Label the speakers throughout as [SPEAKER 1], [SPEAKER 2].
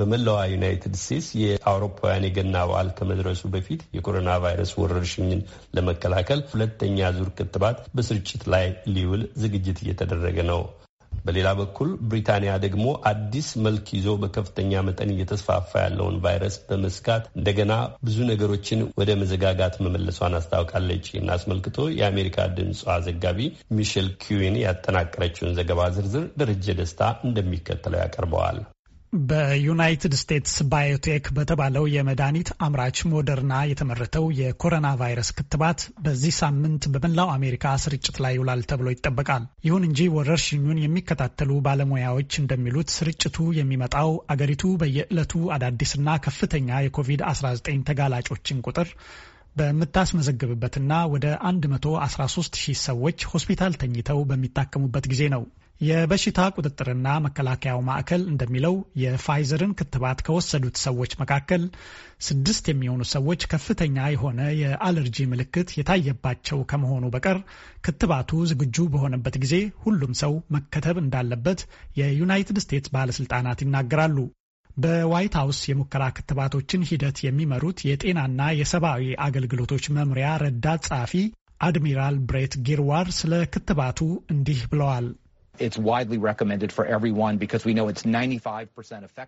[SPEAKER 1] በመላዋ ዩናይትድ ስቴትስ የአውሮፓውያን የገና በዓል ከመድረሱ በፊት የኮሮና ቫይረስ ወረርሽኝን ለመከላከል ሁለተኛ ዙር ክትባት በስርጭት ላይ ሊውል ዝግጅት እየተደረገ ነው። በሌላ በኩል ብሪታንያ ደግሞ አዲስ መልክ ይዞ በከፍተኛ መጠን እየተስፋፋ ያለውን ቫይረስ በመስጋት እንደገና ብዙ ነገሮችን ወደ መዘጋጋት መመለሷን አስታውቃለች። ይህን አስመልክቶ የአሜሪካ ድምፅ ዘጋቢ ሚሼል ኪዊን ያጠናቀረችውን ዘገባ ዝርዝር ደረጀ ደስታ እንደሚከተለው ያቀርበዋል።
[SPEAKER 2] በዩናይትድ ስቴትስ ባዮቴክ በተባለው የመድኃኒት አምራች ሞደርና የተመረተው የኮሮና ቫይረስ ክትባት በዚህ ሳምንት በመላው አሜሪካ ስርጭት ላይ ይውላል ተብሎ ይጠበቃል። ይሁን እንጂ ወረርሽኙን የሚከታተሉ ባለሙያዎች እንደሚሉት ስርጭቱ የሚመጣው አገሪቱ በየዕለቱ አዳዲስና ከፍተኛ የኮቪድ-19 ተጋላጮችን ቁጥር በምታስመዘግብበትና ወደ 113 ሺህ ሰዎች ሆስፒታል ተኝተው በሚታከሙበት ጊዜ ነው። የበሽታ ቁጥጥርና መከላከያው ማዕከል እንደሚለው የፋይዘርን ክትባት ከወሰዱት ሰዎች መካከል ስድስት የሚሆኑ ሰዎች ከፍተኛ የሆነ የአለርጂ ምልክት የታየባቸው ከመሆኑ በቀር ክትባቱ ዝግጁ በሆነበት ጊዜ ሁሉም ሰው መከተብ እንዳለበት የዩናይትድ ስቴትስ ባለስልጣናት ይናገራሉ። በዋይት ሀውስ የሙከራ ክትባቶችን ሂደት የሚመሩት የጤናና የሰብአዊ አገልግሎቶች መምሪያ ረዳት ጸሐፊ አድሚራል ብሬት ጊርዋር ስለ ክትባቱ እንዲህ ብለዋል።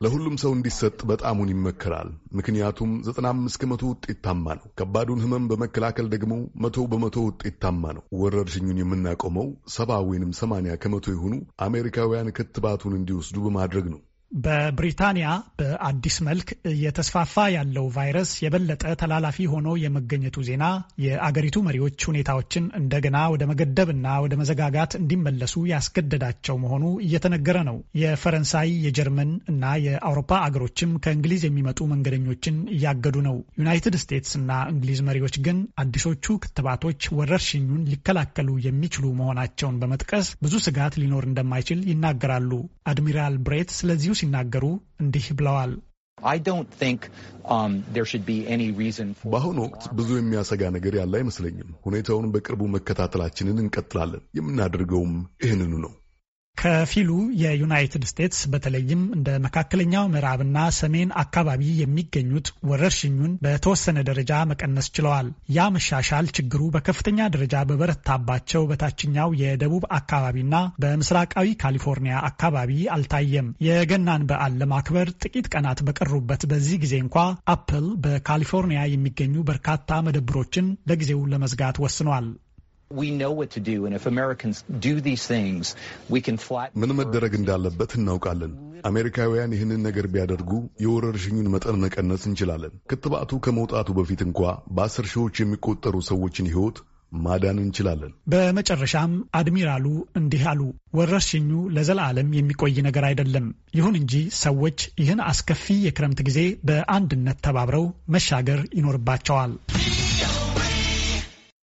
[SPEAKER 2] ለሁሉም
[SPEAKER 3] ሰው እንዲሰጥ በጣሙን ይመከራል። ምክንያቱም 95 ከመቶ ውጤታማ ነው። ከባዱን ህመም በመከላከል ደግሞ መቶ በመቶ ውጤታማ ነው። ወረርሽኙን የምናቆመው ሰባ ወይንም ሰማንያ ከመቶ የሆኑ አሜሪካውያን ክትባቱን እንዲወስዱ በማድረግ ነው።
[SPEAKER 2] በብሪታንያ በአዲስ መልክ እየተስፋፋ ያለው ቫይረስ የበለጠ ተላላፊ ሆኖ የመገኘቱ ዜና የአገሪቱ መሪዎች ሁኔታዎችን እንደገና ወደ መገደብ ወደ መዘጋጋት እንዲመለሱ ያስገደዳቸው መሆኑ እየተነገረ ነው። የፈረንሳይ፣ የጀርመን እና የአውሮፓ አገሮችም ከእንግሊዝ የሚመጡ መንገደኞችን እያገዱ ነው። ዩናይትድ ስቴትስ እና እንግሊዝ መሪዎች ግን አዲሶቹ ክትባቶች ወረርሽኙን ሊከላከሉ የሚችሉ መሆናቸውን በመጥቀስ ብዙ ስጋት ሊኖር እንደማይችል ይናገራሉ። አድሚራል ብሬት ስለዚሁ ሲናገሩ እንዲህ ብለዋል። um,
[SPEAKER 3] በአሁኑ ወቅት ብዙ የሚያሰጋ ነገር ያለ አይመስለኝም። ሁኔታውን በቅርቡ መከታተላችንን እንቀጥላለን። የምናደርገውም ይህንኑ ነው።
[SPEAKER 2] ከፊሉ የዩናይትድ ስቴትስ በተለይም እንደ መካከለኛው ምዕራብና ሰሜን አካባቢ የሚገኙት ወረርሽኙን በተወሰነ ደረጃ መቀነስ ችለዋል። ያ መሻሻል ችግሩ በከፍተኛ ደረጃ በበረታባቸው በታችኛው የደቡብ አካባቢና በምስራቃዊ ካሊፎርኒያ አካባቢ አልታየም። የገናን በዓል ለማክበር ጥቂት ቀናት በቀሩበት በዚህ ጊዜ እንኳ አፕል በካሊፎርኒያ የሚገኙ በርካታ መደብሮችን ለጊዜው ለመዝጋት ወስኗል። ምን
[SPEAKER 3] መደረግ እንዳለበት እናውቃለን። አሜሪካውያን ይህንን ነገር ቢያደርጉ የወረርሽኙን መጠን መቀነስ እንችላለን። ክትባቱ ከመውጣቱ በፊት እንኳ በአስር ሺዎች የሚቆጠሩ ሰዎችን ሕይወት ማዳን እንችላለን።
[SPEAKER 2] በመጨረሻም አድሚራሉ እንዲህ አሉ። ወረርሽኙ ለዘላለም የሚቆይ ነገር አይደለም። ይሁን እንጂ ሰዎች ይህን አስከፊ የክረምት ጊዜ በአንድነት ተባብረው መሻገር ይኖርባቸዋል።